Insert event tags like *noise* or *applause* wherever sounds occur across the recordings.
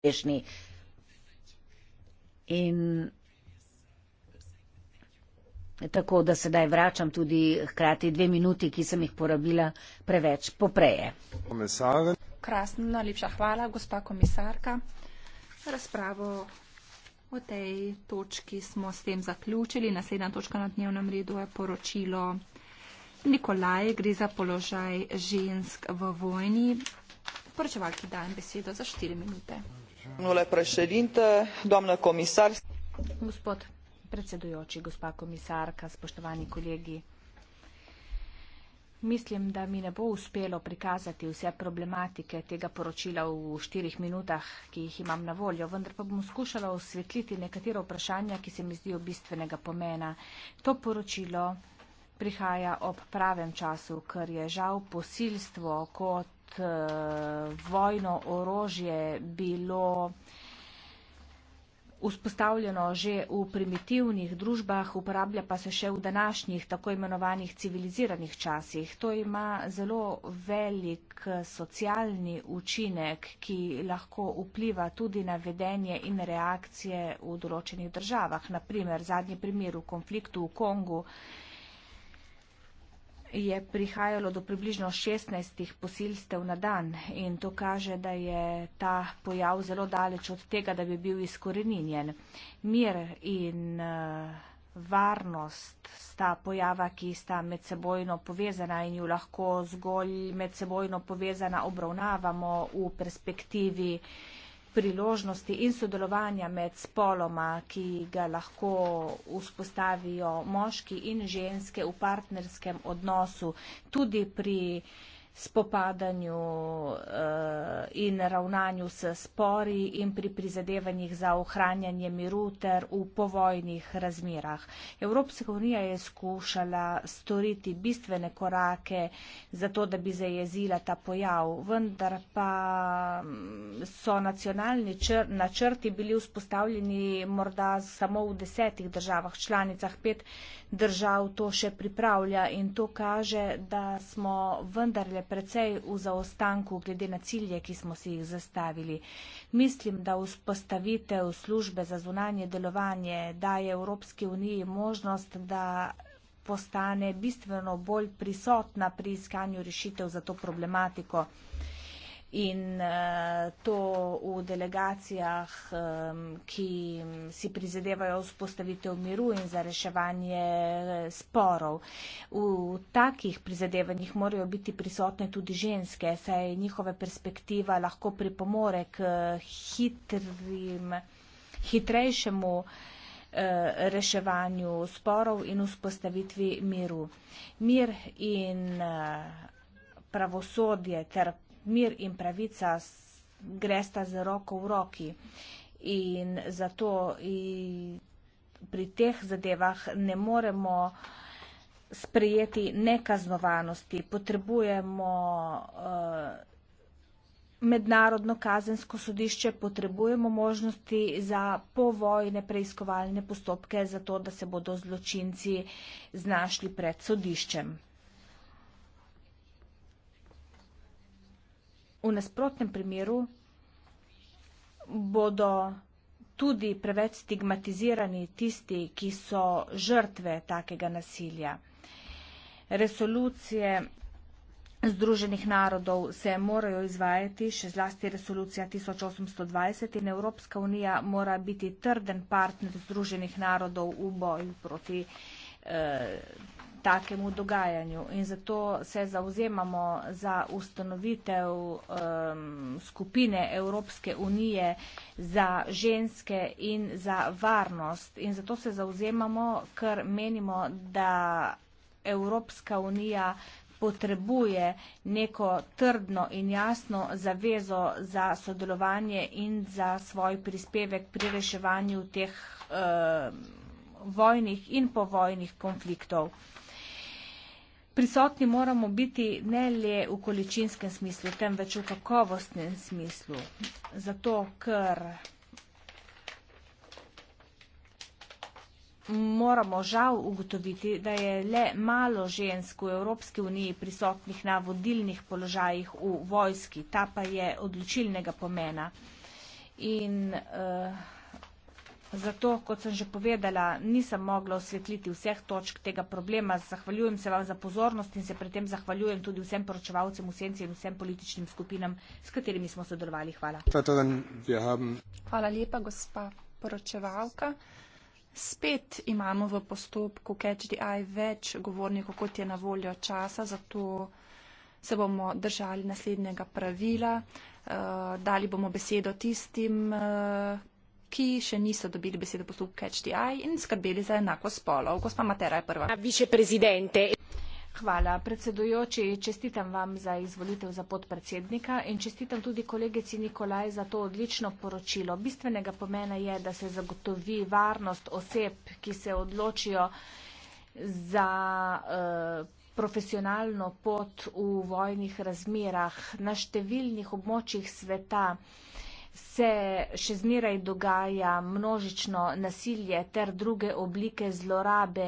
uspešni. In tako, da sedaj vračam tudi hkrati dve minuti, ki sem jih porabila preveč popreje. Komisarka. Krasno, najlepša hvala, gospa komisarka. Razpravo o tej točki smo s tem zaključili. Naslednja točka na dnevnem redu je poročilo Nikolaj. Gre za položaj žensk v vojni. Poročevalki dajem besedo za štiri minute domnule președinte, doamnă comisar. Gospod predsedujoči, gospa komisarka, spoštovani kolegi. Mislim, da mi ne bo uspelo prikazati vse problematike tega poročila v štirih minutah, ki jih imam na voljo, vendar pa bom skušala osvetliti nekatero vprašanja, ki se mi zdijo bistvenega pomena. To poročilo prihaja ob pravem času, ker je žal posilstvo kot kot eh, vojno orožje bilo vzpostavljeno že v primitivnih družbah, uporablja pa se še v današnjih tako imenovanih civiliziranih časih. To ima zelo velik eh, socialni učinek, ki lahko vpliva tudi na vedenje in reakcije v določenih državah. Naprimer, zadnji primer v konfliktu v Kongu je prihajalo do približno 16 posilstev na dan in to kaže, da je ta pojav zelo daleč od tega, da bi bil izkoreninjen. Mir in eh, varnost sta pojava, ki sta medsebojno povezana in ju lahko zgolj medsebojno povezana obravnavamo v perspektivi priložnosti in sodelovanja med spoloma, ki ga lahko vzpostavijo moški in ženske v partnerskem odnosu, tudi pri spopadanju eh, in ravnanju s spori in pri prizadevanjih za ohranjanje miru ter v povojnih razmerah. Evropska unija je skušala storiti bistvene korake za to, da bi zajezila ta pojav, vendar pa mm, so nacionalni načrti bili vzpostavljeni morda samo v desetih državah članicah, pet držav to še pripravlja in to kaže, da smo vendarle precej v zaostanku glede na cilje, ki smo si jih zastavili. Mislim, da vzpostavitev službe za zunanje delovanje daje Evropski uniji možnost, da postane bistveno bolj prisotna pri iskanju rešitev za to problematiko in eh, to v delegacijah, ki si prizadevajo vzpostavitev miru in za reševanje eh, sporov. V takih prizadevanjih morajo biti prisotne tudi ženske, saj njihova perspektiva lahko pripomore k hitrim, hitrejšemu eh, reševanju sporov in vzpostavitvi miru. Mir in pravosodje ter mir in pravica gresta z roko v roki. In zato pri teh zadevah ne moremo sprejeti nekaznovanosti. Potrebujemo eh, mednarodno kazensko sodišče, potrebujemo možnosti za povojne preiskovalne postopke, zato da se bodo zločinci znašli pred sodiščem. V nasprotnem primeru bodo tudi preveč stigmatizirani tisti, ki so žrtve takega nasilja. Resolucije Združenih narodov se morajo izvajati, še zlasti resolucija 1820 in Evropska unija mora biti trden partner Združenih narodov v boju proti eh, takemu dogajanju in zato se zauzemamo za ustanovitev um, skupine Evropske unije za ženske in za varnost. In zato se zauzemamo, ker menimo, da Evropska unija potrebuje neko trdno in jasno zavezo za sodelovanje in za svoj prispevek pri reševanju teh uh, vojnih in povojnih konfliktov prisotni moramo biti ne le v količinskem smislu, temveč v kakovostnem smislu. Zato, ker moramo žal ugotoviti, da je le malo žensk v Evropski uniji prisotnih na vodilnih položajih v vojski. Ta pa je odločilnega pomena. In, uh, Zato, kot sem že povedala, nisem mogla osvetliti vseh točk tega problema. Zahvaljujem se vam za pozornost in se pri tem zahvaljujem tudi vsem poročevalcem v senci in vsem političnim skupinam, s katerimi smo sodelovali. Hvala. Hvala lepa, gospa poročevalka. Spet imamo v postopku CatchDI več govornikov, kot je na voljo časa, zato se bomo držali naslednjega pravila. Uh, dali bomo besedo tistim, uh, ki še niso dobili besede poslov CHDI in skrbeli za enako spolov. Gospa Matera je prva. Hvala, predsedujoči. Čestitam vam za izvolitev za podpredsednika in čestitam tudi kolegici Nikolaj za to odlično poročilo. Bistvenega pomena je, da se zagotovi varnost oseb, ki se odločijo za uh, profesionalno pot v vojnih razmerah na številnih območjih sveta. Uh, se še zmeraj dogaja množično nasilje ter druge oblike zlorabe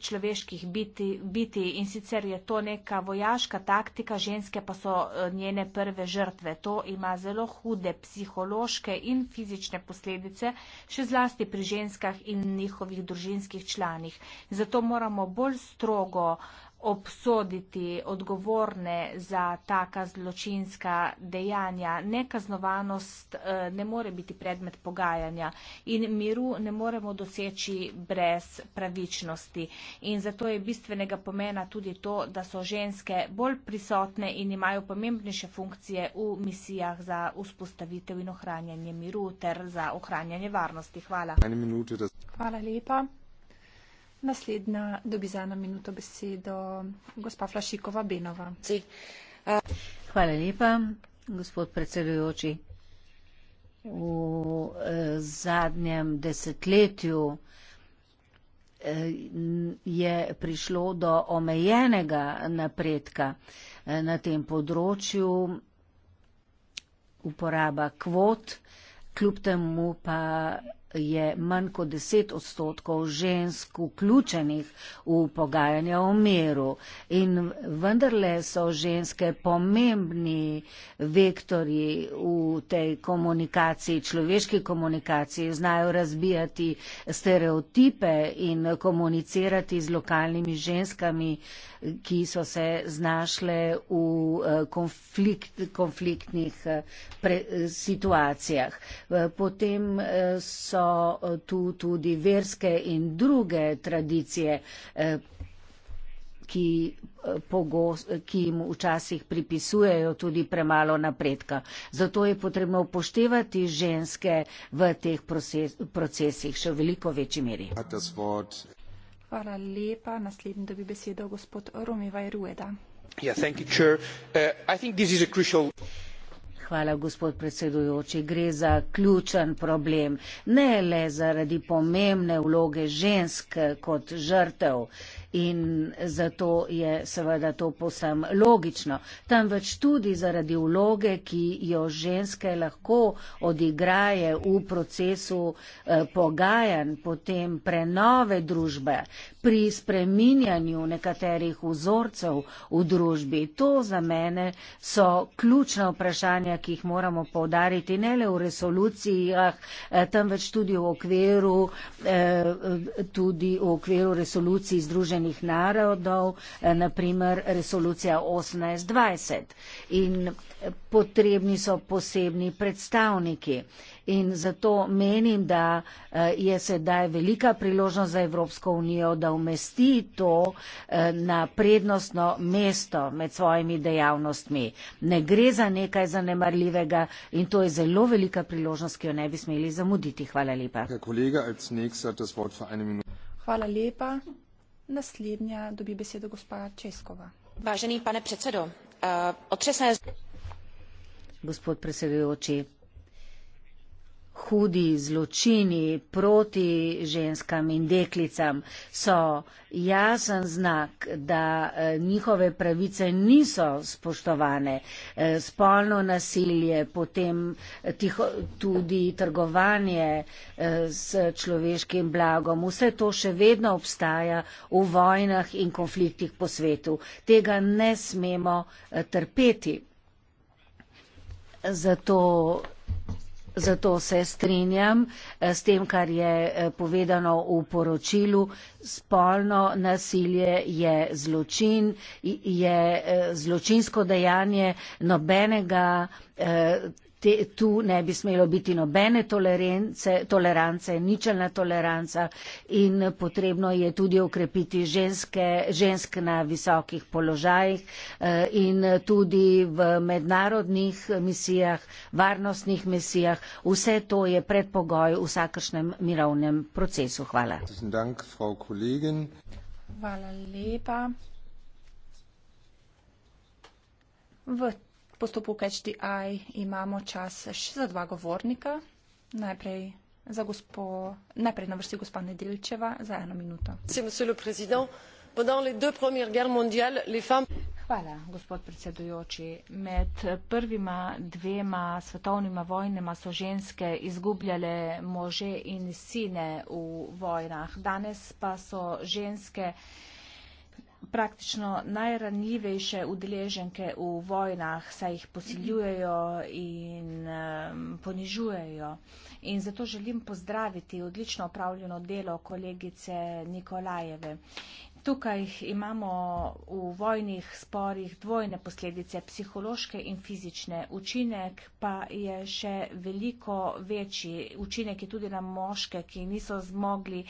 človeških biti, biti in sicer je to neka vojaška taktika, ženske pa so eh, njene prve žrtve. To ima zelo hude psihološke in fizične posledice, še zlasti pri ženskah in njihovih družinskih članih. Zato moramo bolj strogo uh, obsoditi odgovorne za taka zločinska dejanja. Nekaznovanost eh, ne more biti predmet pogajanja in miru ne moremo doseči brez pravičnosti. In zato je bistvenega pomena tudi to, da so ženske bolj prisotne in imajo pomembnejše funkcije v misijah za vzpostavitev in ohranjanje miru ter za ohranjanje varnosti. Hvala. Hvala lepa. Naslednja dobi za eno minuto besedo gospa Flašikova Benova. Hvala lepa, gospod predsedujoči. V eh, zadnjem desetletju eh, je prišlo do omejenega napredka eh, na tem področju uporaba kvot, kljub temu pa je manj kot 10 odstotkov žensk vključenih v pogajanja o miru. In vendarle so ženske pomembni vektori v tej komunikaciji, človeški komunikaciji, znajo razbijati stereotipe in komunicirati z lokalnimi ženskami, ki so se znašle v eh, konflikt, konfliktnih eh, pre, situacijah. Eh, potem so Eh, tu tudi verske in druge tradicije, eh, ki, eh, pogost, ki jim včasih pripisujejo tudi premalo napredka. Zato je potrebno upoštevati ženske v teh procesih še v veliko večji meri. Hvala lepa. Naslednji dobi besedo gospod Romivaj Rueda. Yeah, hvala, gospod predsedujoči. Gre za ključen problem, ne le zaradi pomembne vloge žensk kot žrtev in zato je seveda to posem logično. Temveč tudi zaradi vloge, ki jo ženske lahko odigraje v procesu eh, pogajan, potem prenove družbe, pri spreminjanju nekaterih vzorcev v družbi. To za mene so ključna vprašanja, ki jih moramo povdariti ne le v resolucijah, eh, temveč tudi v okviru, eh, tudi v okviru resolucij združenih Združenih narodov, eh, naprimer resolucija 1820. In potrebni so posebni predstavniki. In zato menim, da eh, je sedaj velika priložnost za Evropsko unijo, da umesti to eh, na prednostno mesto med svojimi dejavnostmi. Ne gre za nekaj zanemarljivega in to je zelo velika priložnost, ki jo ne bi smeli zamuditi. Hvala lepa. Hvala lepa. Naslednja dobi besedo gospa Českova. Važeni pane predsedo, uh, eh, otresen... Gospod predsedujoči, hudi zločini proti ženskam in deklicam so jasen znak, da eh, njihove pravice niso spoštovane. Eh, spolno nasilje, potem eh, tiho, tudi trgovanje s človeškim blagom, vse to še vedno obstaja v vojnah in konfliktih po svetu. Tega ne smemo trpeti. Zato Zato se strinjam eh, s tem, kar je eh, povedano v poročilu. Spolno nasilje je zločin, je eh, zločinsko dejanje nobenega te, tu ne bi smelo biti nobene tolerance, ničelna toleranca in potrebno je tudi okrepiti ženske, žensk na visokih položajih eh, in tudi v mednarodnih misijah, varnostnih misijah. Vse to je predpogoj vsakršnem mirovnem procesu. Hvala. Hvala lepa. V postopku CatchDI imamo čas še za dva govornika. Najprej. Za gospo, najprej na vrsti gospa Nedilčeva za eno minuto. Hvala, gospod predsedujoči. Med prvima dvema svetovnima vojnama so ženske izgubljale može in sine v vojnah. Danes pa so ženske praktično najranljivejše udeleženke v vojnah, saj jih posiljujejo in um, ponižujejo. In zato želim pozdraviti odlično upravljeno delo kolegice Nikolajeve. Tukaj imamo v vojnih sporih dvojne posledice, psihološke in fizične. Učinek pa je še veliko večji. Učinek je tudi na moške, ki niso zmogli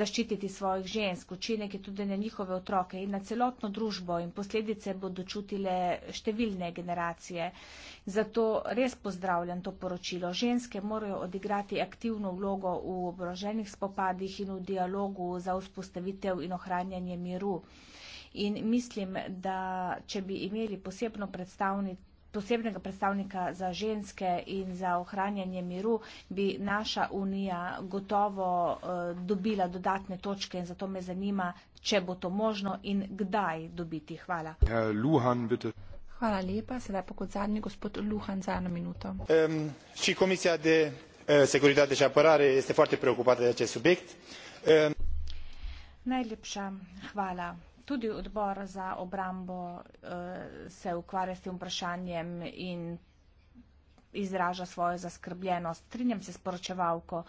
zaščititi svojih žensk. Učinek je tudi na njihove otroke in na celotno družbo in posledice bodo čutile številne generacije. Zato res pozdravljam to poročilo. Ženske morajo odigrati aktivno vlogo v obroženih spopadih in v dialogu za vzpostavitev in ohranjanje ohranjanje miru. In mislim, da če bi imeli posebno predstavnico, posebnega predstavnika za ženske in za ohranjanje miru, bi naša unija gotovo eh, dobila dodatne točke in zato me zanima, če bo to možno in kdaj dobiti. Hvala. Luhan, Hvala lepa. Sedaj pa kot zadnji gospod Luhan za eno minuto. Um, de, uh, de de um. Najlepša hvala. Tudi odbor za obrambo eh, se ukvarja s tem vprašanjem in izraža svojo zaskrbljenost. Strinjam se s poročevalko.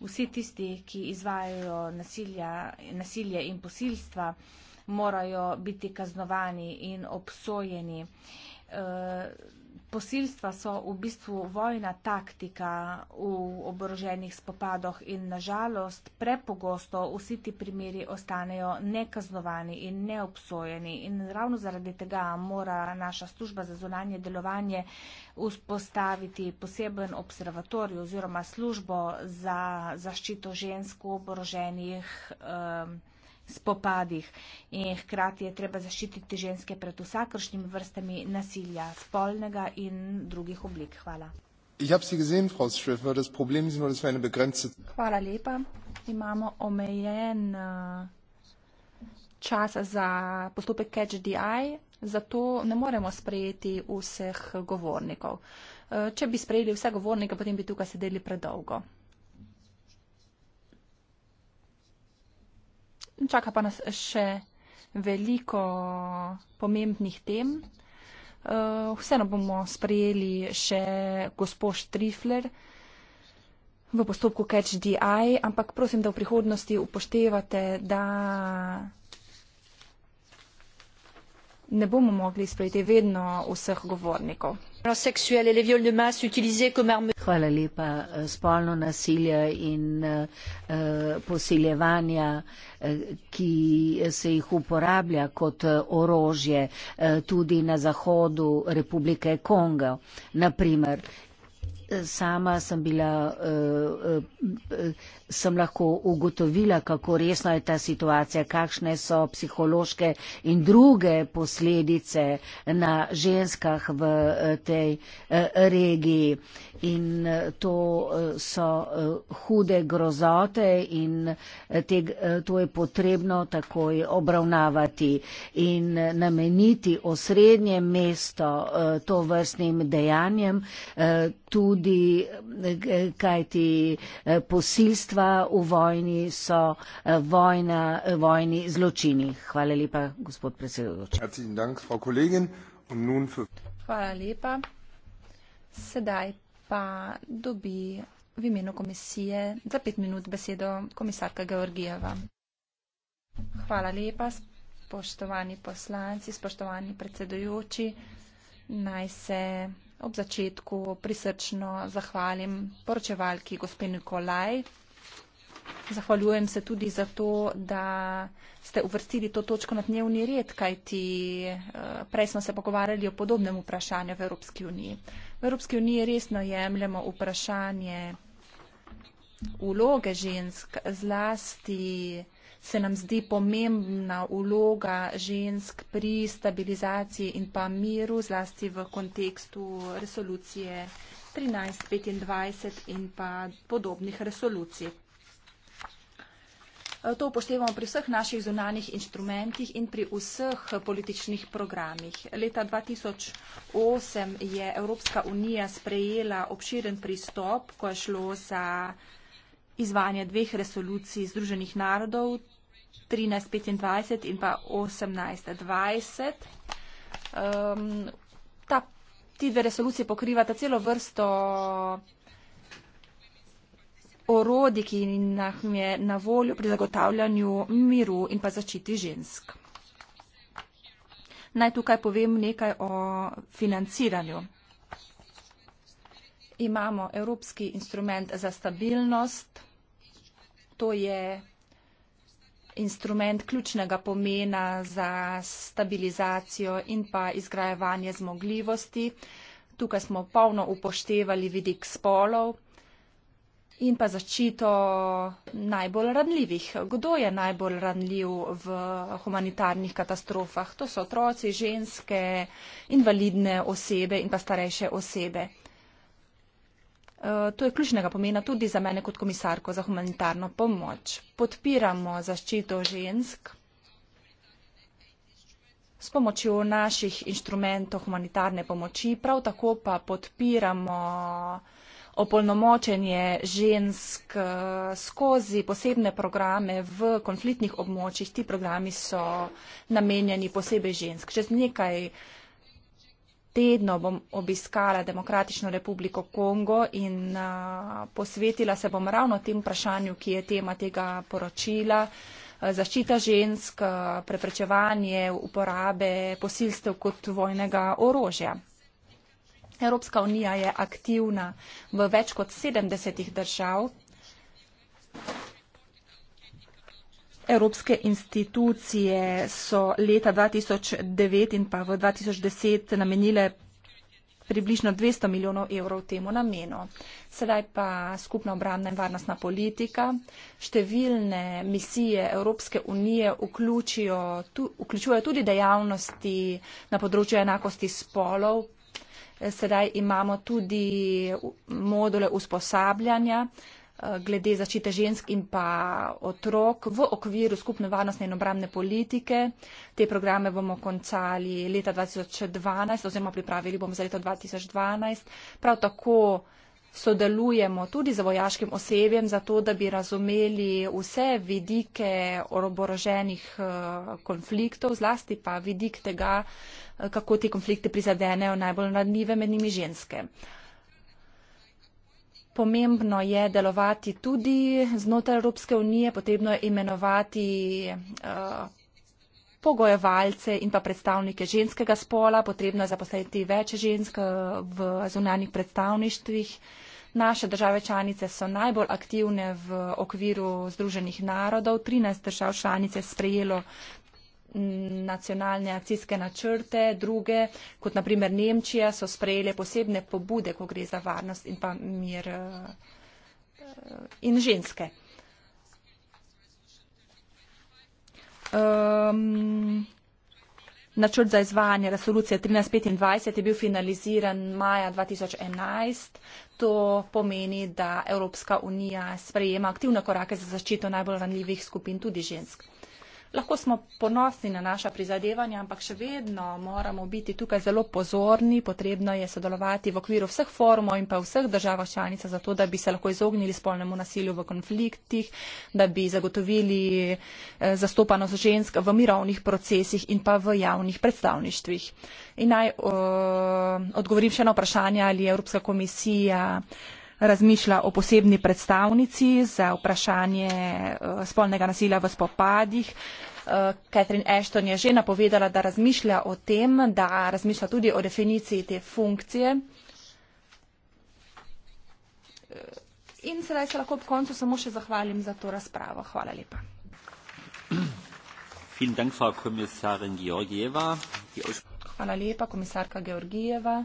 Vsi tisti, ki izvajajo nasilja, nasilje in posilstva, morajo biti kaznovani in obsojeni. Eh, posilstva so v bistvu vojna taktika v oboroženih spopadoh in nažalost prepogosto vsi ti primeri ostanejo nekaznovani in neobsojeni in ravno zaradi tega mora naša služba za zunanje delovanje vzpostaviti poseben observatorij oziroma službo za zaščito žensk v oboroženih eh, spopadih in hkrati je treba zaščititi ženske pred vsakršnjimi vrstami nasilja, spolnega in drugih oblik. Hvala. Gesehen, problem, Hvala lepa. Imamo omejen eh, čas za postopek Catch the Eye, zato ne moremo sprejeti vseh govornikov. Eh, če bi sprejeli vse govornike, potem bi tukaj sedeli predolgo. čaka pa nas še veliko pomembnih tem. Eh, vseeno bomo sprejeli še gospod Štrifler v postopku Catch DI, ampak prosim, da v prihodnosti upoštevate, da ne bomo mogli sprejeti vedno vseh govornikov. Hvala lepa. Spolno nasilje in uh, posiljevanja, eh, ki se jih uporablja kot eh, orožje uh, tudi na zahodu Republike Kongo, naprimer sama sem bila, eh, eh, sem lahko ugotovila, kako resna je ta situacija, kakšne so psihološke in druge posledice na ženskah v eh, tej regiji. In to so hude grozote in te, to je potrebno takoj obravnavati in nameniti osrednje mesto to vrstnim dejanjem. Tudi tudi, kaj ti eh, posilstva v vojni so eh, vojna, eh, vojni zločini. Hvala lepa, gospod predsedujoči. Hvala lepa. Sedaj pa dobi v imenu komisije za pet minut besedo komisarka Georgijeva. Hvala lepa, spoštovani poslanci, spoštovani predsedujoči. Naj se ob začetku prisrčno zahvalim poročevalki gospe Nikolaj. Zahvaljujem se tudi za to, da ste uvrstili to točko na dnevni red, kajti eh, prej smo se pogovarjali o podobnem vprašanju v Evropski uniji. V Evropski uniji resno jemljamo vprašanje vloge žensk, zlasti se nam zdi pomembna vloga žensk pri stabilizaciji in pa miru, zlasti v kontekstu resolucije 1325 in pa podobnih resolucij. To upoštevamo pri vseh naših zunanih inštrumentih in pri vseh političnih programih. Leta 2008 je Evropska unija sprejela obširen pristop, ko je šlo za izvajanje dveh resolucij Združenih narodov 1325 in pa 1820. Um, ehm, ta, ti dve resolucije pokrivata celo vrsto orodij, ki nam je na voljo pri zagotavljanju miru in pa zaščiti žensk. Naj tukaj povem nekaj o financiranju. Imamo Evropski instrument za stabilnost to je instrument ključnega pomena za stabilizacijo in pa izgrajevanje zmogljivosti. Tukaj smo polno upoštevali vidik spolov in pa zaščito najbolj ranljivih. Kdo je najbolj ranljiv v humanitarnih katastrofah? To so otroci, ženske, invalidne osebe in pa starejše osebe. Eh, to je ključnega pomena tudi za mene kot komisarko za humanitarno pomoč. Podpiramo zaščito žensk s pomočjo naših inštrumentov humanitarne pomoči, prav tako pa podpiramo opolnomočenje žensk eh, skozi posebne programe v konfliktnih območjih. Ti programi so namenjeni posebej žensk. Čez nekaj tednu bom obiskala Demokratično republiko Kongo in a, posvetila se bom ravno tem vprašanju, ki je tema tega poročila. Zaščita žensk, preprečevanje uporabe posilstev kot vojnega orožja. Evropska unija je aktivna v več kot 70 držav, Evropske institucije so leta 2009 in pa v 2010 namenile približno 200 milijonov evrov temu namenu. Sedaj pa skupna obramna in varnostna politika. Številne misije Evropske unije vključijo, tu, vključujejo tudi dejavnosti na področju enakosti spolov. Sedaj imamo tudi module usposabljanja. Uh, Eh, glede zaščite žensk in pa otrok v okviru skupne varnostne in obramne politike. Te programe bomo končali leta 2012 oziroma pripravili bomo za leto 2012. Prav tako sodelujemo tudi z vojaškim osebjem, zato da bi razumeli vse vidike oboroženih eh, konfliktov, zlasti pa vidik tega, eh, kako ti konflikti prizadenejo najbolj nadnive med njimi ženske pomembno je delovati tudi znotraj Evropske unije, potrebno je imenovati eh, pogojevalce in pa predstavnike ženskega spola, potrebno je zaposliti več žensk eh, v zunanjih predstavništvih. Naše države članice so najbolj aktivne v okviru Združenih narodov. 13 držav članice je sprejelo nacionalne akcijske načrte, druge, kot naprimer Nemčija, so sprejeli posebne pobude, ko gre za varnost in pa mir eh, eh, in ženske. Um, načrt za izvajanje resolucije 1325 je bil finaliziran maja 2011. To pomeni, da Evropska unija sprejema aktivne korake za zaščito najbolj ranljivih skupin, tudi žensk. Lahko smo ponosni na naša prizadevanja, ampak še vedno moramo biti tukaj zelo pozorni. Potrebno je sodelovati v okviru vseh forumov in pa vseh držav članica, zato da bi se lahko izognili spolnemu nasilju v konfliktih, da bi zagotovili eh, zastopanost žensk v mirovnih procesih in pa v javnih predstavništvih. In naj uh, odgovorim še na vprašanje, ali je Evropska komisija uh, razmišlja o posebni predstavnici za vprašanje eh, spolnega nasilja v spopadih. Eh, Catherine Ashton je že napovedala, da razmišlja o tem, da razmišlja tudi o definiciji te funkcije. Eh, In sedaj se lahko ob koncu samo še zahvalim za to razpravo. Hvala lepa. *clears throat* Hvala lepa, komisarka Georgijeva.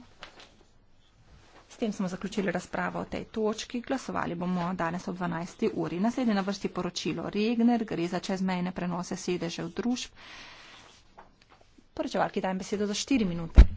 S tem smo zaključili razpravo o tej točki. Glasovali bomo danes ob 12. uri. Naslednje na vrsti poročilo Regner, gre za čezmejne prenose sedežev družb. Poročevalki dajem besedo za 4 minute.